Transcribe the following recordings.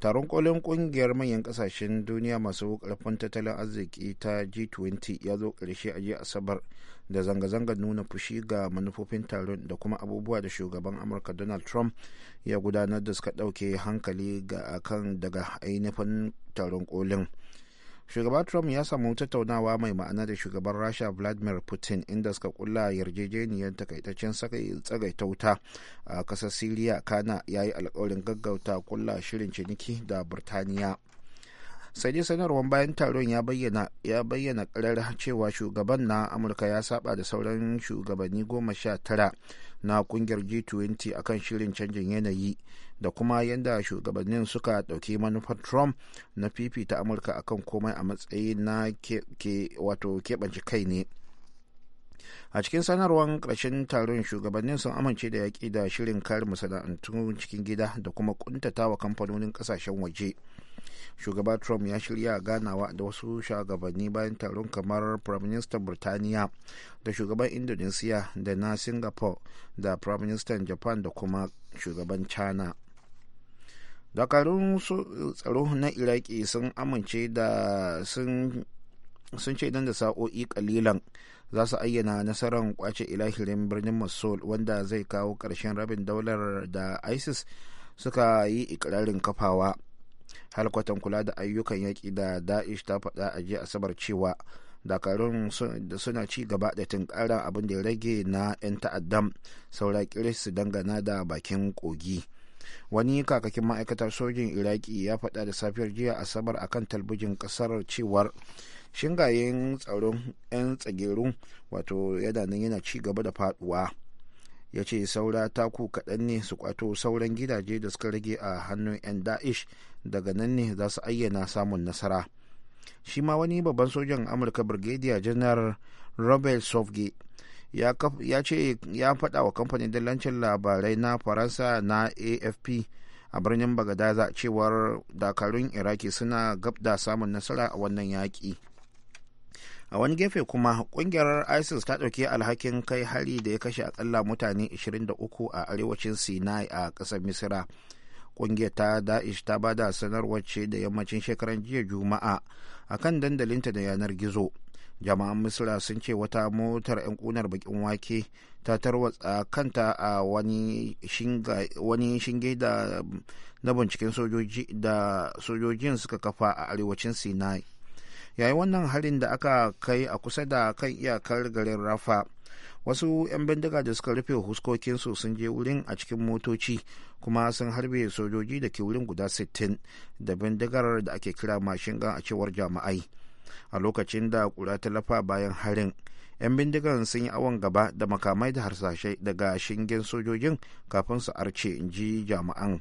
taron kolin kungiyar manyan kasashen duniya masu karfin tattalin arziki ta g20 ya zo karshe a jiya asabar da zanga zanga nuna fushi ga manufofin taron da kuma abubuwa da shugaban amurka donald trump ya gudanar da suka ɗauke hankali ga akan daga ainihin taron kolin. shugaba trump ya samu tattaunawa mai ma'ana da shugaban rasha vladimir putin inda suka kulla yarjejeniyar takaitaccen tsagaita wuta a kasar siriya kana ya yi alkawarin gaggauta kulla shirin ciniki da birtaniya sai dai sanarwar bayan taron ya bayyana ya bayyana karar cewa shugaban na amurka ya saba da sauran shugabanni goma sha tara na kungiyar g20 akan shirin canjin yanayi da kuma yadda shugabannin suka dauki manufar trump na fifita amurka akan komai a matsayi na ke wato kai ne a cikin sanarwar ƙarshen taron shugabannin sun amince da yaƙi da shirin kare masana'antu cikin gida da kuma ƙuntatawa kamfanonin ƙasashen waje shugaba trump ya shirya ganawa da wasu shugabanni bayan taron kamar prime minister burtaniya da shugaban indonesia da na singapore da prime minister japan da kuma shugaban china dakarun tsaro na iraki sun amince da sun sun ce nan da sa'o'i kalilan za su ayyana nasarar kwace ilahirin birnin mosul wanda zai kawo ƙarshen rabin daular da isis suka yi ikirarin kafawa halkwatan kula da ayyukan yaƙi da da'ish ta faɗa a jiya asabar cewa dakarun suna ci gaba da tunkara abin da ya rage na 'yan ta'addam saura su dangana da bakin kogi wani kakakin ma'aikatar sojin iraki ya faɗa da safiyar jiya asabar akan talbijin ƙasar cewar shingayen tsaron 'yan tsagero wato yana nan yana ci gaba da faduwa ya ce saura ta ku kaɗan ne su kwato sauran gidaje da suka rage a hannun 'yan da'ish daga nan ne za su ayyana samun nasara shi ma wani babban sojan amurka brigadier janar robert sofge ya ce ya faɗa wa kamfanin dillancin labarai na faransa na afp a birnin bagadaza cewar dakarun iraki suna gab da samun nasara a wannan yaƙi a wani gefe kuma kungiyar isis ta ɗauki alhakin kai hari da ya kashe akalla mutane 23 a arewacin sinai a ƙasar misira kungiyar ta da'ish ta ba da sanarwar ce da yammacin shekaran jiya juma'a a kan dandalinta da yanar gizo jama'an misira sun ce wata motar 'yan kunar bakin wake ta tarwatsa kanta a wani shinge da na binciken sojoji da sojojin suka kafa a arewacin sinai yayi wannan harin da aka kai a kusa da kan iyakar garin rafa wasu 'yan bindiga da suka rufe huskokinsu sun je wurin a cikin motoci kuma sun harbe sojoji da ke wurin guda 60 da bindigar da ake kira mashin a cewar jama'ai a lokacin da kura ta lafa bayan harin 'yan bindigan sun yi awon gaba da makamai da harsashe daga shingen sojojin kafin su arce in ji jama'an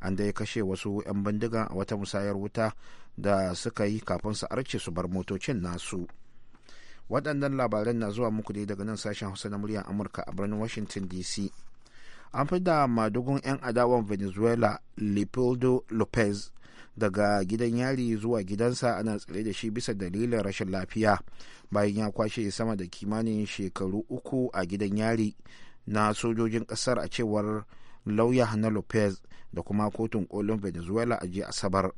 an dai kashe wasu 'yan bindigan a wata musayar wuta da suka yi kafin su arce su bar motocin nasu waɗannan labaran na zuwa muku ne daga nan sashen hausa na muryar amurka a birnin washington dc an fi da madugun 'yan adawan venezuela leopoldo lopez daga gidan yari zuwa gidansa ana tsare da shi bisa dalilin rashin lafiya bayan ya kwashe sama da kimanin shekaru uku a gidan yari na sojojin kasar a cewar lauya na lopez da kuma kotun kolin venezuela a jiya asabar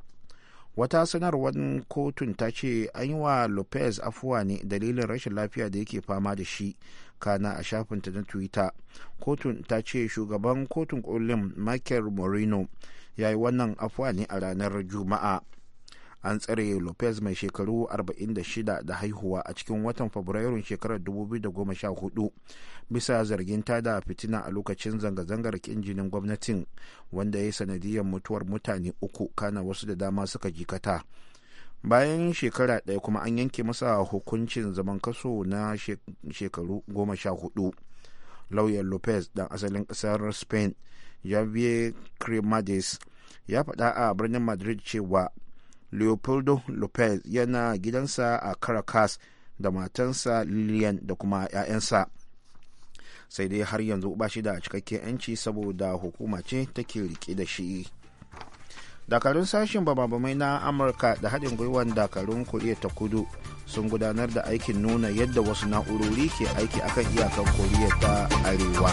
wata sanarwar kotun ta ce an yi wa lopez afuwa ne dalilin rashin lafiya da yake fama da shi kana a shafinta na twitter kotun ta ce shugaban kotun kolin michael moreno ya yi wannan afuwa ne a ranar juma'a an tsare lopez mai shekaru 46 da haihuwa a cikin watan fabrairun shekarar 2014 bisa zargin tada fitina a lokacin zanga-zangar kin jinin gwamnatin wanda ya sanadiyar mutuwar mutane uku kana wasu da dama suka jikata bayan shekara ɗaya kuma an yanke masa hukuncin zaman kaso na shekaru 14 lauyan lopez dan asalin ƙasar spain javier cremades ya faɗa a birnin madrid cewa leopoldo lopez yana gidansa a caracas da matansa lilian da kuma 'ya'yansa sai dai har yanzu ba shi da cikakken 'yanci saboda hukuma ce take rike da shi dakarun sashen bababamai na amurka da haɗin gwiwan dakarun koriya ta kudu sun gudanar da aikin nuna yadda wasu na'urori ke aiki akan iyakar koriya ta arewa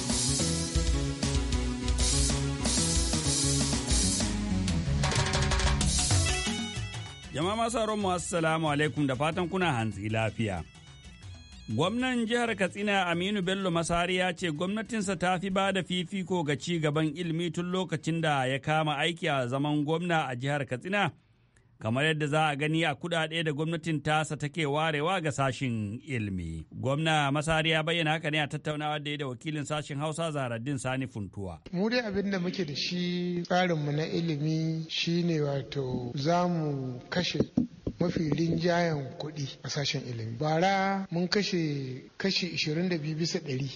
Jama'a masu mu assalamu alaikum da fatan kuna hantsi lafiya. Gwamnan jihar Katsina Aminu Bello Masari ya ce gwamnatinsa ta fi ba da fifiko ga ci gaban ilimi tun lokacin da ya kama aiki a zaman gwamna a jihar Katsina. kamar yadda za a gani a kudade da gwamnatin tasa take warewa ga sashin ilmi. Gwamna Masari ya bayyana haka ne a tattaunawa da da wakilin sashin Hausa Zaraddin Sani Funtuwa. Mu dai abin da muke da shi tsarinmu na ilimi shine wato za mu kashe mafi rinjayen kuɗi a sashen ilimi bara mun kashe kashi 22 bisa ɗari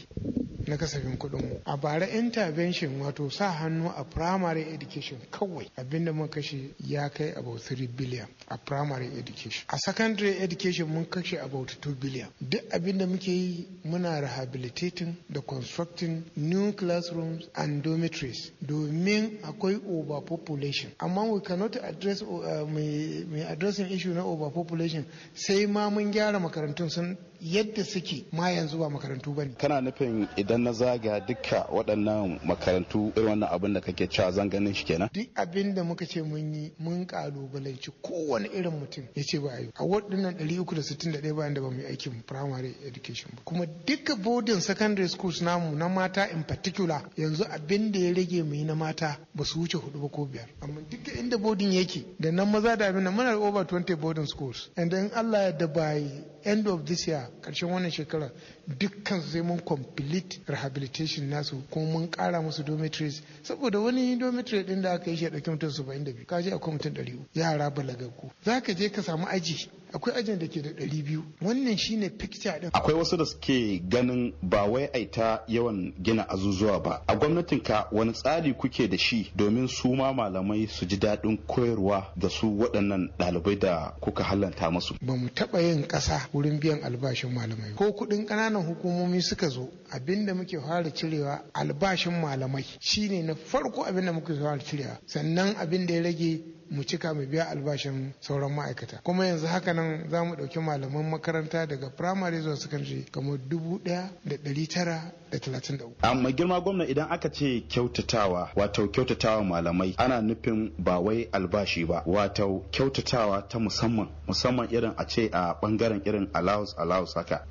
na kasafin mu a bara intervention wato sa hannu a primary education kawai abinda mun kashe ya kai about 3 billion a primary education a secondary education mun kashe about 2 billion duk abinda muke yi muna rehabilitating da constructing new classrooms and dormitories domin akwai overpopulation amma we cannot address uh, mai addressing issue na overpopulation sai ma mun gyara makarantun sun yadda suke ma yanzu ba makarantu bane kana nufin idan na zaga duka waɗannan makarantu irin wannan abin da kake cewa zan ganin shi kenan duk abin da muka ce mun yi mun kalubalanci kowane irin mutum ya ce ba a yi a waɗannan 361 bayan da ba mu yi aikin primary education ba kuma duka boarding secondary schools namu na mata in particular yanzu abin da ya rage mu yi na mata ba su wuce hudu ba ko biyar amma duka inda boarding yake da nan maza da abin nan muna over 20 boarding schools and in Allah ya da by end of this year karshen wannan shekara dukkan zai mun complete rehabilitation nasu kuma mun kara musu dormitories saboda wani dormitory din da aka yi shi a ɗauki mutum saba'in da biyu kaji akwai mutum ɗari uku. yara balagaggu za ka je ka samu aji akwai ajin da ke da ɗari biyu wannan shine picture din akwai wasu da suke ganin ba wai aita yawan gina azuzuwa ba a gwamnatin ka wani tsari kuke da shi domin su ma malamai su ji daɗin koyarwa da su waɗannan ɗalibai da kuka halanta musu ba mu taɓa yin ƙasa wurin biyan albashi albashin malamai ko kuɗin ƙananan hukumomi suka zo abinda muke fara cirewa albashin malamai shine na farko abinda muke fara cirewa sannan abinda ya rage mu cika mu biya albashin sauran ma'aikata kuma yanzu haka nan za mu ɗauki malaman makaranta daga firamare zuwa secondary kamar dubu ɗaya da ɗari tara 33 mai girma gwamna idan aka ce kyautatawa wato kyautatawa malamai ana nufin ba wai albashi ba wato kyautatawa ta musamman musamman irin a ce a bangaren irin allowance allowance haka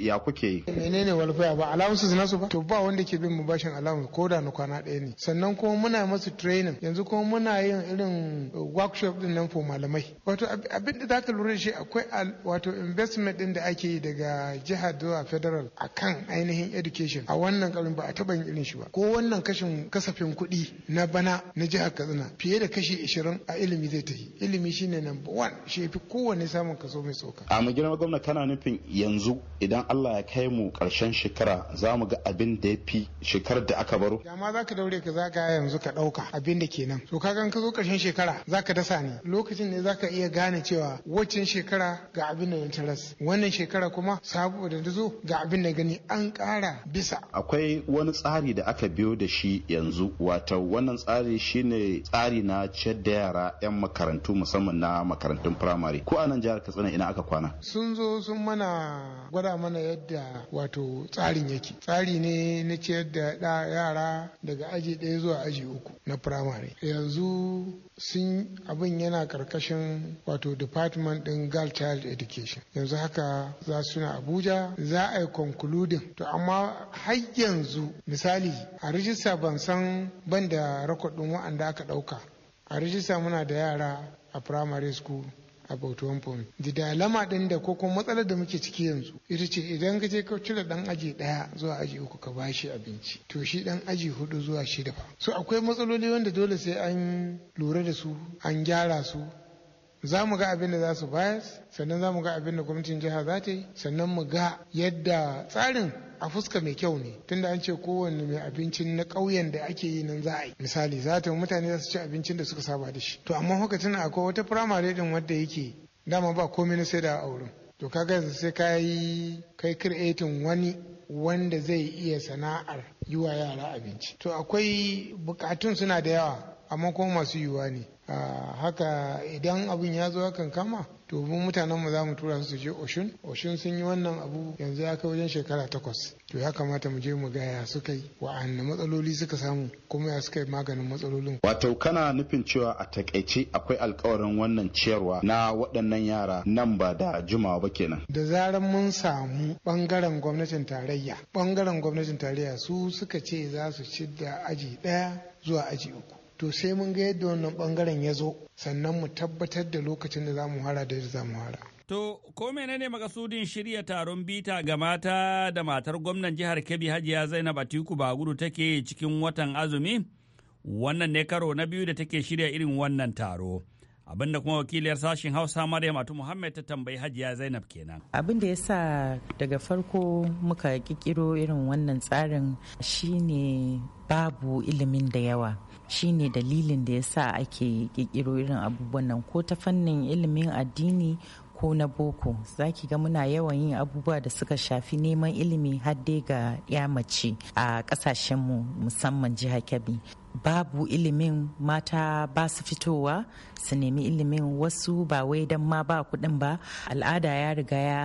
ya kuke yi menene walfaya ba allowances nasu ba to ba wanda ke bin mu bashin allowance ko da na kwana ɗaya ne sannan kuma muna masu training yanzu kuma muna yin irin workshop din nan for malamai wato abin da zaka lura shi akwai wato investment din da ake yi daga jihar zuwa federal akan ainihin education a wannan karin ba a taɓa yin irin shi ba ko wannan kashin kasafin kuɗi na bana na jihar katsina fiye da kashi 20 a ilimi zai tafi ilimi shine number one shi fi kowanne samun kaso mai tsoka a mu girma gwamna kana nufin yanzu idan Allah ya kai mu karshen shekara za mu ga abin da ya fi shekarar da aka baro dama ka daure ka ka yanzu ka ɗauka abin da kenan to ka gan ka zo karshen shekara za ka dasa ne lokacin ne ka iya gane cewa waccan shekara ga abin da ya taras wannan shekara kuma saboda da zo ga abin da gani an ƙara bisa bisa akwai wani tsari da aka biyo da shi yanzu wato wannan tsari shine tsari na ciyar da yara 'yan makarantu musamman na makarantun firamare ko a nan jihar katsina ina aka kwana sun zo sun mana gwada mana yadda wato tsarin yake tsari ne na ciyar da yara daga aji ɗaya zuwa aji uku na firamare yanzu sun abin yana karkashin wato department din girl child education yanzu haka za su na abuja za a yi concluding to amma har yanzu misali a rijista ban san ban da rakodin wa'anda aka ɗauka a rijista muna da yara a primary school a one point. Da dalama ɗin da ko kuma matsalar da muke ciki yanzu ita ce idan ka je ka cire dan aji daya zuwa aji uku ka bashi abinci to shi ɗan aji hudu zuwa shida fa. So akwai matsaloli wanda dole sai an lura da su an gyara su za mu ga abin da za su bayar sannan za mu ga abin da gwamnatin jiha za ta yi sannan mu ga yadda tsarin a fuska mai kyau ne tunda an ce kowanne mai abincin na ƙauyen da ake yi nan za a yi misali za ta mutane za su ci abincin da suka saba da shi to amma haka tana akwai wata firamare din wadda yake dama ba komai na sai da a wurin to kaga yanzu sai ka yi kai kiretin wani wanda zai iya sana'ar yi wa yara abinci to akwai bukatun suna da yawa amma kuma masu yiwuwa ne ah, haka idan abin ya zo hakan kama to mu mutanen mu za mu tura su su je oshun oshun sun yi wannan abu yanzu ya kai wajen shekara takwas to ya kamata mu je mu ga ya suka yi wa'anne matsaloli suka samu kuma ya suka yi maganin matsalolin wato kana nufin cewa a takaice akwai alkawarin wannan ciyarwa na waɗannan yara nan ba da jimawa ba kenan da zaran mun samu bangaren gwamnatin tarayya bangaren gwamnatin tarayya su suka ce za su ci da aji ɗaya zuwa aji uku to sai mun ga yadda wannan bangaren ya zo sannan mu tabbatar da lokacin da za mu hara da za mu hara. To, ko ne makasudin shirya taron bita ga mata da matar gwamnan jihar Kebbi Hajiya Zainab Atiku Bagudu take cikin watan azumi? Wannan ne karo na biyu da take shirya irin wannan taro. abin da kuma wakiliyar sashen hausa maryam atu muhammad ta tambayi hajiya zainab kenan abin da ya sa daga farko muka kikiro irin wannan tsarin shine babu ilimin da yawa shine dalilin da ya sa ake kirkiro irin abubuwan nan ko ta fannin ilimin addini ko na boko za ki ga muna yawan yin abubuwa da suka shafi neman ilimi har dai ga ya mace a kasashenmu musamman jihar kebbi babu ilimin mata ba su fitowa su nemi ilimin wasu ba wai don ma ba kuɗin ba al'ada ya riga ya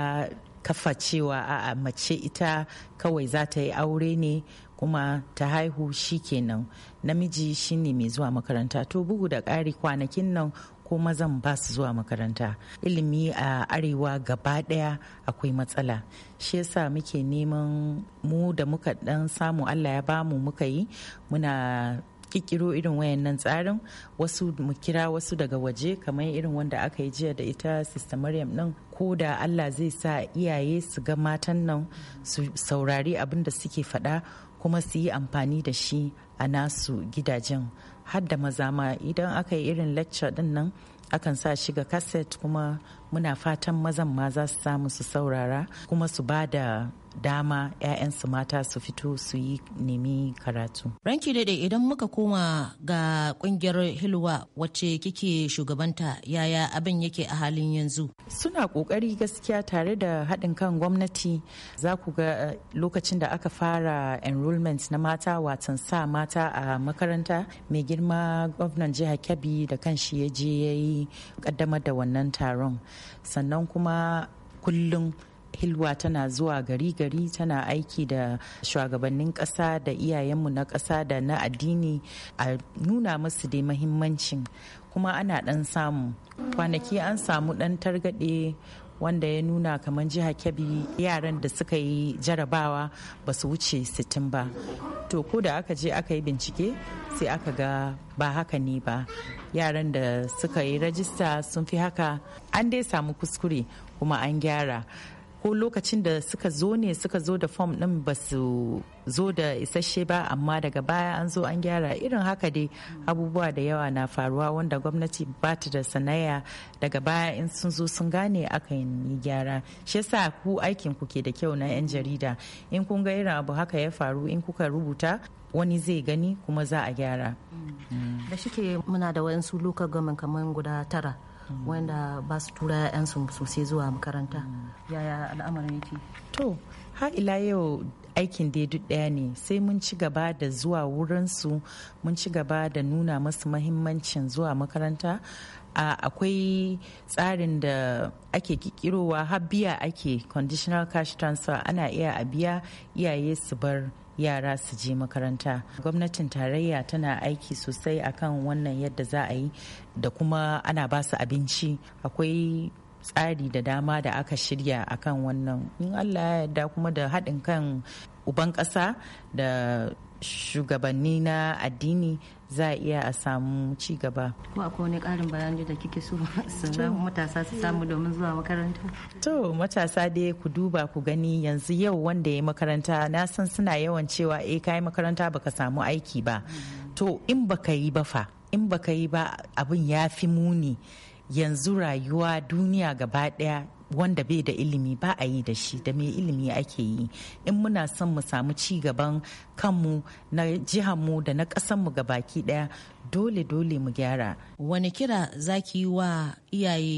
kafa cewa a mace ita kawai za ta yi aure ne kuma ta haihu shi kenan namiji shine mai zuwa makaranta to bugu da ƙari kwanakin nan ko mazan ba su zuwa makaranta ilimi a arewa gaba daya akwai matsala shi yasa muke neman mu da muka dan samu allah ya bamu muka yi muna kikiro irin wayannan tsarin wasu mu kira wasu daga waje kamar irin wanda aka yi jiya da ita sister maryam nan ko da allah zai sa iyaye su ga matan nan su saurari abin da suke faɗa kuma su yi amfani da shi a nasu gidajen har da maza ma idan aka yi irin lecture din nan akan sa shi ga kaset kuma muna fatan mazan ma za su samu su saurara kuma su ba da dama 'ya'yansu mata su fito su yi nemi karatu. Ranki daidai idan muka koma ga kungiyar Hilwa wacce kike shugabanta yaya abin yake a halin yanzu. Suna kokari gaskiya tare da haɗin kan gwamnati za ku ga eh, lokacin da aka fara enrollment na mata watan sa mata a makaranta mai girma gwamnan jihar Kebbi da kan shi ya je ya yi kaddamar da wannan taron sannan kuma kullum hilwa tana zuwa gari gari tana aiki da shugabannin ƙasa da iyayenmu na ƙasa da na addini a nuna musu da mahimmancin kuma ana ɗan samu kwanaki an samu ɗan targaɗe wanda ya nuna kamar jiha kebbi yaran da suka yi jarabawa ba su wuce sittin ba to ko da aka je aka yi bincike sai aka ga ba haka ne ba yaran da suka yi rajista sun fi haka an dai samu kuskure kuma an gyara ko lokacin da suka zo ne suka zo da fom ɗin ba su zo da isasshe ba amma daga baya an zo an gyara irin haka dai abubuwa da yawa na faruwa wanda gwamnati ba ta da sanaya daga baya in sun zo sun gane aka yi gyara shi yasa ku aikin ku ke da kyau na 'yan jarida in kun ga irin abu haka ya faru in kuka rubuta wani zai gani kuma za a gyara mm. da shike muna da wayansu lokacin gaman kamar guda tara Mm. wanda ba su tura 'ya'yansu sosai zuwa makaranta mm. yaya al'amarin yake to ha ila yau aikin dai duk ɗaya ne sai mun ci gaba da zuwa wurinsu mun ci gaba da nuna masu mahimmancin zuwa makaranta akwai tsarin da ake kikirowa har biya ake conditional cash transfer ana iya a biya iyaye su bar yara su je makaranta gwamnatin tarayya tana aiki sosai akan wannan yadda za a yi da kuma ana ba su abinci akwai tsari da dama da aka shirya akan wannan in allah ya yarda kuma da haɗin kan uban ƙasa da shugabanni na addini za a iya a samu ci Ko akwai wani ƙarin bayani da kike so matasa su samu domin zuwa makaranta? To matasa dai ku duba ku gani yanzu yau wanda ya makaranta na san suna yawan cewa eh yi makaranta baka samu aiki ba. Mm. To in baka yi ba fa in baka yi ba abin ya fi muni yanzu rayuwa duniya gaba ɗaya wanda bai da ilimi ba a yi da shi da mai ilimi ake yi in muna son mu samu ci gaban kanmu na jihanmu da na ƙasanmu ga baki ɗaya dole dole mu gyara wani kira zaki yi wa iyaye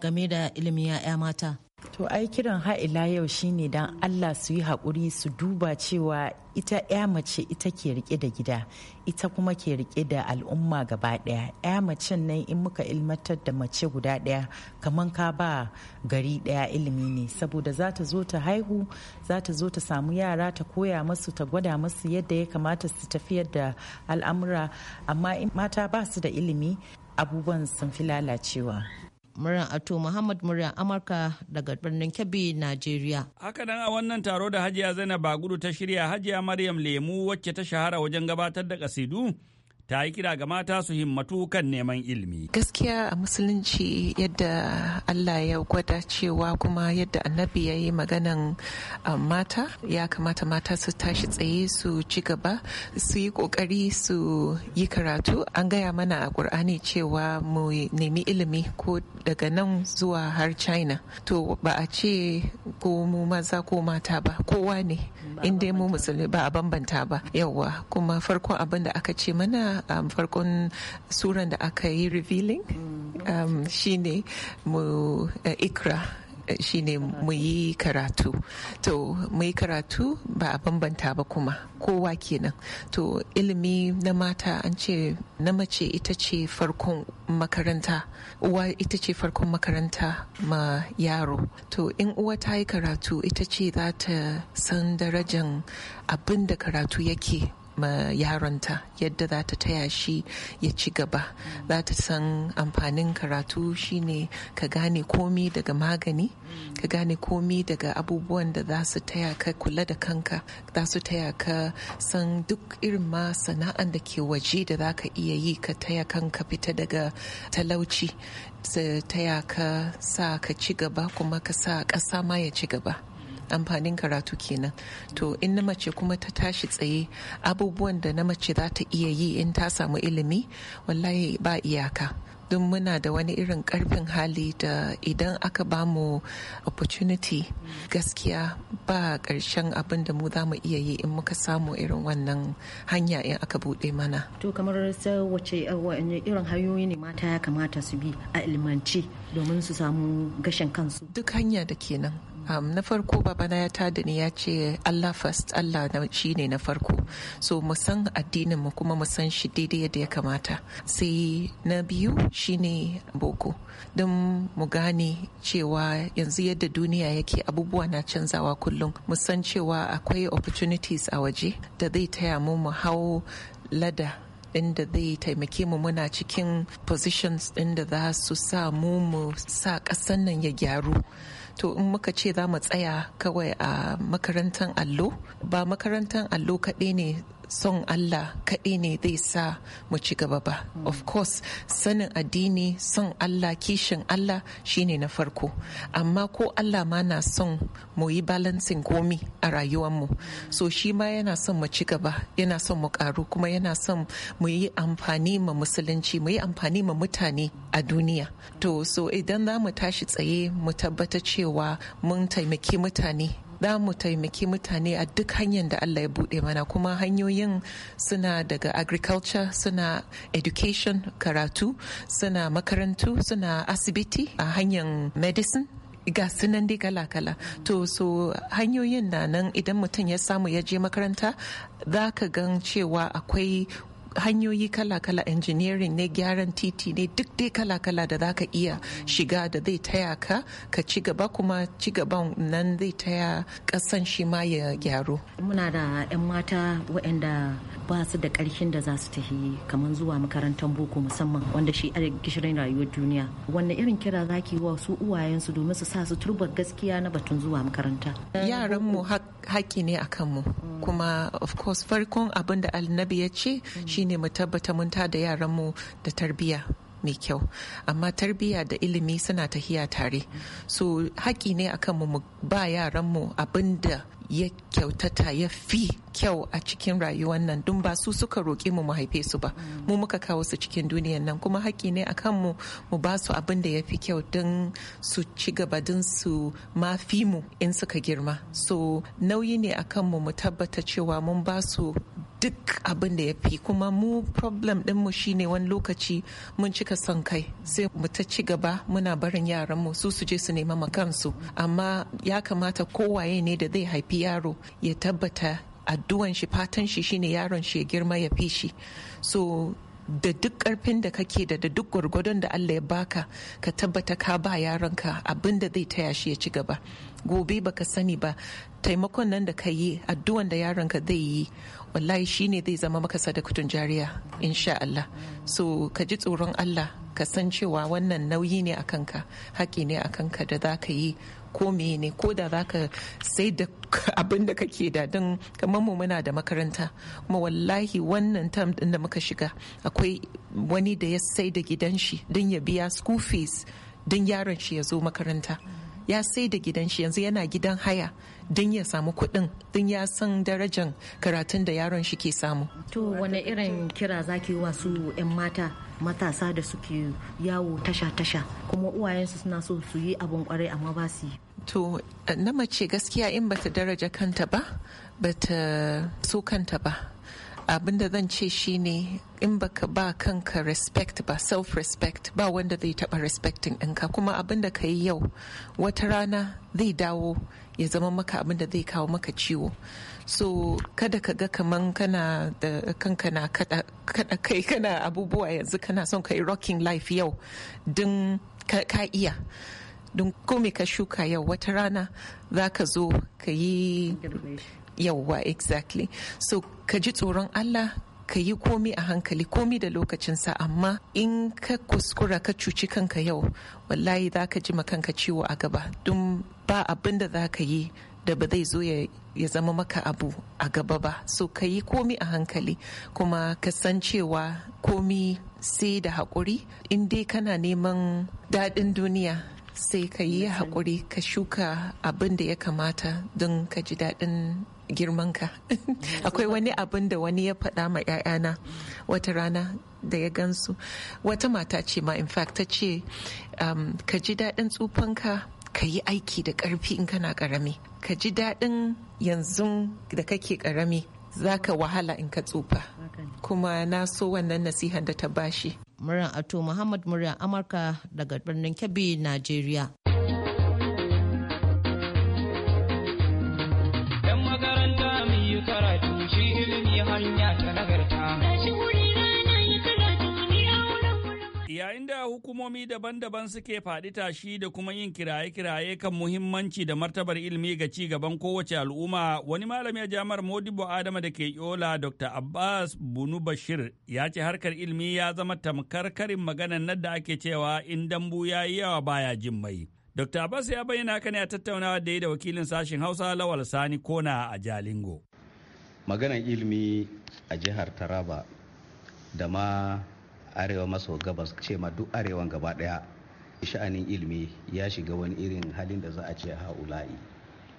game da ilimin 'ya'ya mata To ai kiran ha'ila yau shine dan Allah su yi haƙuri su duba cewa ita 'ya mace ita ke rike da gida ita kuma ke rike da al'umma gaba daya 'ya macen nan in muka ilmantar da mace guda daya kamar ka ba gari daya ilimi ne saboda za ta zo ta haihu za ta zo ta samu yara ta koya masu ta gwada masu yadda ya kamata su tafiyar da al'amura amma in mata ba su da ilimi abubuwan sun fi lalacewa Muryar Ato Muhammad muryar Amurka daga birnin Kebbi, Najeriya. Haka nan a wannan taro da Hajiya Zainab Bagudu ta shirya Hajiya Maryam Lemu wacce ta shahara wajen gabatar da kasidu ta yi kira ga mata su himmatu kan neman ilimi. Gaskiya a musulunci yadda Allah ya gwada cewa kuma yadda annabi ya yi maganan um, mata ya kamata mata su tashi tsaye su ci gaba su yi kokari su yi karatu an gaya mana a ƙur'ani cewa mu nemi ilimi ko daga nan zuwa har china to ba a ce ko mu maza ko mata ba kowa ne inda mu musulmi ba a bambanta ba yawwa kuma farkon abin da aka ce mana um, farkon suran da aka yi revealing um, ne mu uh, ikra uh, ne mu yi karatu to mu yi karatu ba a bambanta ba kuma kowa kenan to ilimi na mata an ce na mace ita ce farkon makaranta uwa ita ce farkon makaranta ma yaro to in uwa ta yi karatu ita ce za ta san darajan abin da karatu yake ma yaronta yadda za ta taya shi ya ci gaba za ta san amfanin karatu shine ka gane komi daga magani ka gane komi daga abubuwan da za su taya ka kula da kanka za su taya ka san duk irin ma sana'an da ke waje da za ka iya yi ka taya kanka fita daga talauci su taya ka sa ka ci gaba kuma ka sa ƙasa ma ya ci gaba amfanin karatu kenan to in na mace kuma ta tashi tsaye abubuwan da na mace za ta iya yi in ta samu ilimi wallahi ba iyaka don muna da wani irin karfin hali da idan aka ba mu opportunity gaskiya ba karshen abin da mu za mu iya yi in muka samu irin wannan hanya in aka bude mana. To kamar wace eh, irin hanyoyi ne mata ya kamata su bi a ilimance domin su samu gashin kansu. Duk hanya da kenan um, na farko babana ya tada ni ya ce allah first allah shi ne na farko so mu san addinin mu kuma mu san shi daidai yadda ya kamata sai na biyu shi ne boko don mu gane cewa yanzu yadda duniya yake abubuwa na canzawa kullum mu san cewa akwai opportunities a waje da zai taya mu mu hau lada inda zai taimake mu muna cikin positions inda za su sa mu mu sa ƙasan nan ya gyaru to in muka ce za mu tsaya kawai a makarantar allo ba makarantar allo kaɗai ne son Allah kaɗai ne zai sa mu ci gaba ba of course sanin addini son Allah kishin Allah shine na farko amma ko Allah ma na son mu yi balancing komi a rayuwarmu so shi ma yana son mu ci gaba yana son mu ƙaru kuma yana son mu yi amfani ma musulunci mu yi amfani ma mutane a duniya to so idan za mu tashi tsaye mu tabbata cewa mun taimaki mutane za mu taimaki mutane a duk hanyar da Allah ya buɗe mana kuma hanyoyin suna daga agriculture suna education karatu suna makarantu suna asibiti a hanyar medicine ga sunan dai kala-kala to so hanyoyin na nan idan mutum ya samu ya je makaranta za ka gan cewa akwai hanyoyi kala-kala engineering ne gyaran titi ne duk dai kala-kala da zaka iya shiga da zai taya ka ka ci gaba kuma ci gaban nan zai taya kasan shi ma ya gyaro. muna da 'yan mata waɗanda ba su da ƙarfin da za su tafi kamar zuwa makarantar boko musamman wanda shi gishirin rayuwar duniya wanne irin kira za ki wa su uwayensu domin su sa su turbar gaskiya na batun zuwa makaranta yaran mu haƙƙi ne akan mu kuma of course farkon abin da annabi ya ce mm. shi shine mu tabbata mun tada yaranmu da tarbiyya mai kyau amma tarbiyya da ilimi suna tahiya tare so haƙi ne akan mu ba yaranmu abin da ya kyautata ya fi kyau a cikin rayuwar nan dun ba su suka roƙi mu mu haife su ba mu muka kawo su cikin duniyan nan kuma haƙƙi ne a kanmu mu ba su abin da ya fi kyau don su ci gaba don su ma fi mu in suka girma so nauyi ne a kanmu mu tabbata cewa mun ba su duk abin da ya fi kuma mu problem dinmu shine wani lokaci mun cika son kai sai mu ta ci gaba muna barin yaranmu su su je su nema kansu amma ya kamata kowaye ne da zai haifi yaro ya tabbata addu'an shi fatan shi shine yaron shi ya girma ya fi shi so da duk karfin da kake da da duk gwargwadon da Allah ya baka ka tabbata ka ba yaronka abin da zai taya shi ya ci gaba gobe baka sani ba taimakon nan da ka yi addu'an da yaronka zai yi wallahi shine zai zama maka sadakutun jariya insha Allah so ka ji tsoron Allah ka san cewa wannan nauyi ne a kanka haƙi ne a kanka da za ka yi ko mene ko da zaka sai da abin da kake da don kamar mu muna da makaranta kuma wallahi wannan tam din da muka shiga akwai wani da ya sai da gidan shi don ya biya school fees don yaron shi ya zo makaranta ya sai da gidan shi yanzu yana gidan haya don ya samu kuɗin don ya san darajan karatun da yaron shi ke samu to wani irin kira zaki wa su 'yan mata matasa da suke yawo tasha-tasha kuma uwayensu suna so su yi abin kwarai amma ba su yi to na mace gaskiya in bata daraja kanta ba bata so kanta ba abin da zan ce shine in baka ba kanka respect ba self respect ba wanda zai taba respecting ɗinka kuma abin da ka yi yau wata rana zai dawo ya zama maka abin da zai kawo maka ciwo so kada ka ga kaman kana da kanka na kada kai kana abubuwa yanzu kana son ka yi rocking life yau din ka iya don kome ka shuka yau wata rana za ka zo ka yi yauwa exactly so ka ji tsoron allah ka yi komi a hankali komi da lokacinsa amma in ka kuskura ka cuci kanka yau wallahi za ka ji makanka ciwo a gaba don ba abin da za ka yi da ba zai zo ya zama maka abu a gaba ba so ka yi komi a hankali kuma ka san cewa komi sai da haƙuri in dai kana neman daɗin duniya sai ka yi mm-hmm. haƙuri ka shuka abin da ya kamata don ka ji daɗin girmanka akwai wani abin da wani ya faɗa ma 'ya'yana wata rana da ya gansu wata mata ce ma in fact ta ce um, ka ji daɗin tsufanka ka yi aiki da ƙarfi in kana ƙarami ka ji daɗin yanzu da kake ƙarami za ka wahala in ka tsufa kuma na so wannan nasihan da ta bashi shi. ato muhammad muryar amurka daga birnin kebbi najeriya hukumomi daban-daban suke faɗi tashi da kuma yin kiraye-kiraye kan muhimmanci da martabar ilimi ga ci gaban kowace al'umma, wani malami a jami'ar Modibo Adama da ke Yola Dr. Abbas Bunu Bashir ya ce harkar ilimi ya zama tamkar karin maganan nan da ake cewa in dambu ya yi yawa baya jin mai. Dr. Abbas ya bayyana haka ne a tattaunawa da ya da wakilin sashen Hausa Lawal Sani Kona a Jalingo. Maganan ilimi a jihar Taraba da ma arewa maso gabas ce ma duk arewan gaba daya sha'anin ilimi ya shiga wani irin halin da za a ce ha'ula'i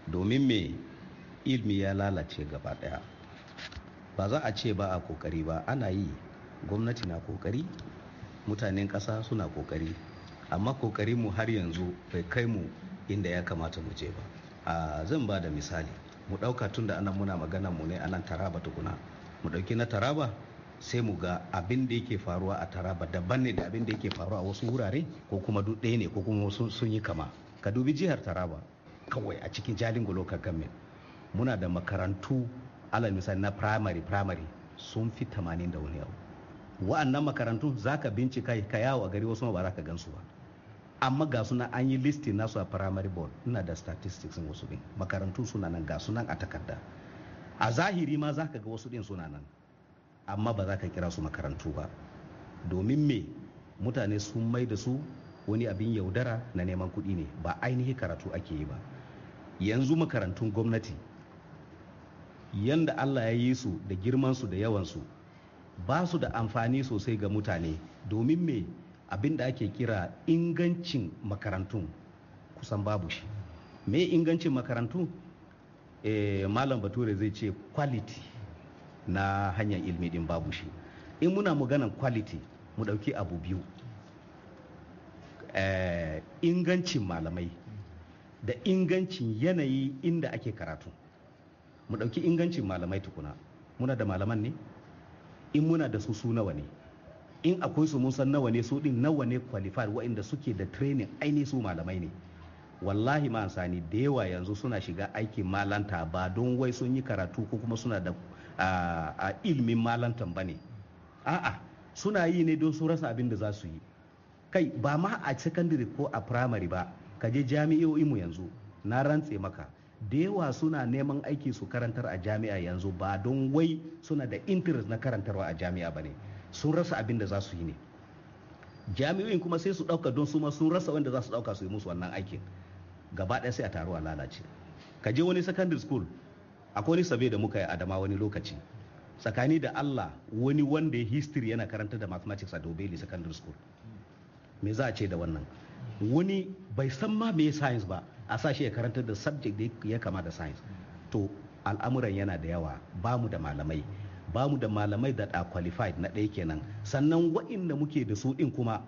domin me ilimi ya lalace gaba daya ba za a ce ba a kokari ba ana yi gwamnati na kokari mutanen ƙasa suna kokari amma kokarin mu har yanzu bai kai mu inda ya kamata mu je ba a zan ba da misali mu ɗauka tunda da ana muna magana mu ne a nan taraba tukuna mu ɗauki na taraba sai mu ga abin da yake faruwa a taraba daban ne da abin da yake faruwa a wasu wurare ko kuma duk ɗaya ne ko kuma wasu sun yi kama ka dubi jihar taraba kawai a cikin jalingo local government muna da makarantu ala misali na primary primary sun fi 80 da wani yau wa'annan makarantu za ka bincika ka yawo a gari wasu ba za ka gansu ba amma ga suna an yi listi nasu a primary board ina da statistics wasu din makarantu suna nan ga sunan a takarda a zahiri ma za ka ga wasu din suna nan amma ba za ka kira su makarantu ba domin me mutane sun mai da su wani abin yaudara na neman kuɗi ne ba ainihin karatu ake yi ba yanzu makarantun gwamnati yanda allah ya yi su da girmansu da yawansu ba su da amfani sosai ga mutane domin me abin da ake kira ingancin makarantun kusan babu shi me ingancin makarantu e, eh, malam bature zai ce quality na hanyar ilmi din babu shi in muna maganan quality mu dauki abu biyu eh, ingancin malamai da ingancin yanayi inda ake karatu mu dauki ingancin malamai tukuna muna da malaman ne in muna da su su nawa ne in akwai su mun san nawa ne su din nawa ne qualified waɗanda suke da training ainihin su malamai ne wallahi ma sani da yawa yanzu suna shiga aikin malanta ba don wai sun yi karatu ko kuma suna da a ilimin malantan ba ne a'a suna yi ne don su rasa abin da za su yi kai ba ma a secondary ko a primary ba ka je jami'o'i mu yanzu na rantse maka da yawa suna neman aiki su karantar a jami'a yanzu ba don wai suna da interest na karantarwa a jami'a ba ne sun rasa abin da za su yi ne jami'o'in kuma sai su ɗauka don su ma sun rasa wanda za su ɗauka su yi musu wannan aikin gaba ɗaya sai a taru a lalace ka je wani secondary school akwai wani sabe da muka yi adama wani lokaci tsakani da Allah wani wanda ya history yana karanta da mathematics a Dobeli secondary school me za a ce da wannan wani bai san ma me science ba a sa shi ya karanta da subject da ya kama da science to al'amuran yana da yawa ba mu da malamai ba mu da malamai da are qualified na ɗaya kenan sannan wa'inda muke da su ɗin kuma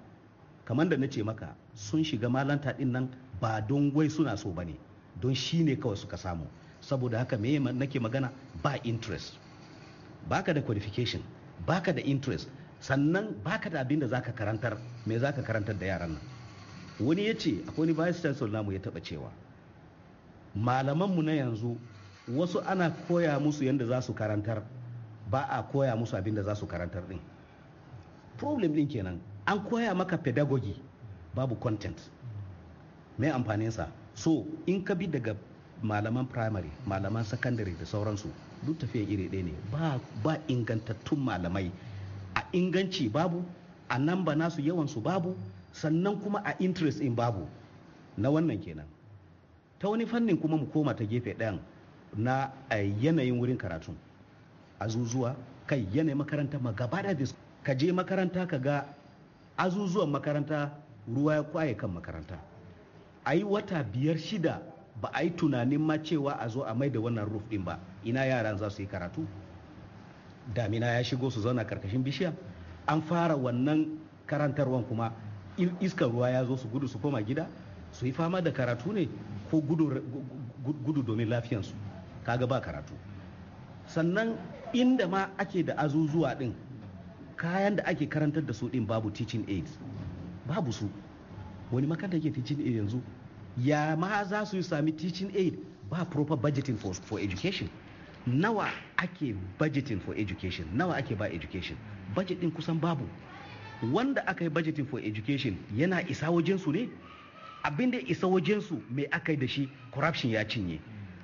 kamar da na ce maka sun shiga malanta ɗin nan ba don wai suna so ba ne don shi ne kawai suka samu saboda haka me nake magana ba interest baka da qualification baka da interest sannan baka da abin da zaka karantar me zaka karantar da yaran nan wani ya ce akwai wani vice chancellor namu ya taba cewa malaman mu na yanzu wasu ana koya musu yadda za su karantar ba a koya musu abin da za su karantar din problem din kenan an koya maka pedagogi babu content mai amfanin sa so in ka bi daga malaman primary malaman secondary da sauransu duk tafiya iri ɗaya ne ba ba ingantattun malamai a inganci babu a nan ba nasu su babu sannan kuma a interest in babu na wannan kenan ta wani fannin kuma mu koma ta gefe ɗayan na a yanayin wurin karatu azuzuwa kai yanayin makaranta ma gaba da ka je makaranta ka ga azuzuwan makaranta ruwa ya kwaye kan makaranta a yi wata biyar shida ba a yi tunanin ma cewa a zo a mai da wannan roof din ba ina yaran za su yi karatu damina ya shigo su zauna karkashin bishiya an fara wannan karantarwan kuma iskar ruwa ya zo su gudu su koma gida su yi fama da karatu ne ko gudu, domin lafiyansu kaga ba karatu sannan inda ma ake da azuzuwa din kayan da ake karantar da su din babu teaching aids babu su wani makaranta ke teaching aid yanzu ya ma za su sami teaching aid ba proper budgeting for, for education nawa ake budgeting for education nawa ake ba education budget din kusan babu wanda aka yi budgeting for education yana isa wajensu ne Abinda isa wajensu mai aka yi da shi corruption ya cinye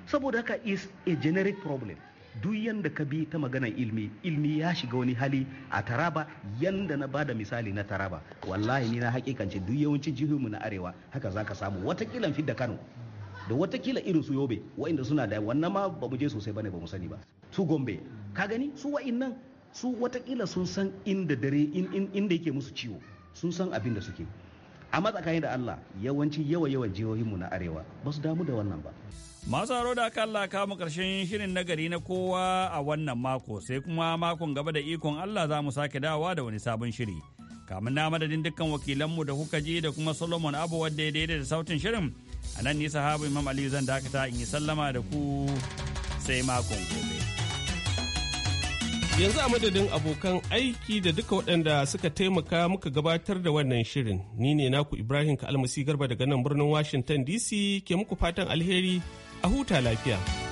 saboda haka is a generic problem duk yanda ka bi ta magana ilmi ilmi ya shiga wani hali a taraba yanda na bada misali na taraba wallahi ni na hakikance duk yawancin jihohinmu na arewa haka zaka samu watakila fi da kano da watakila irin su yobe wa'inda suna da wannan ma ba mu je sosai bane ba mu sani ba su gombe ka gani su wa'innan su watakila sun san inda dare inda yake musu ciwo sun san abin da suke amma tsakanin da Allah yawanci yawa yawan jihohinmu na arewa ba su damu da wannan ba Masu haro da Allah kama karshen shirin nagari na kowa a wannan mako sai kuma makon gaba da ikon Allah za mu sake dawa da wani sabon shiri. Kamun na madadin dukkan wakilanmu da kuka ji da kuma Solomon Abu wadda ya daidai da sautin shirin. A nan ni habu Imam Aliyu zan dakata in yi sallama da ku sai makon gobe. Yanzu a madadin abokan aiki da duka waɗanda suka taimaka muka gabatar da wannan shirin. Ni ne naku Ibrahim Kalmasi Garba daga nan birnin Washington DC ke muku fatan alheri. a huta lafiya.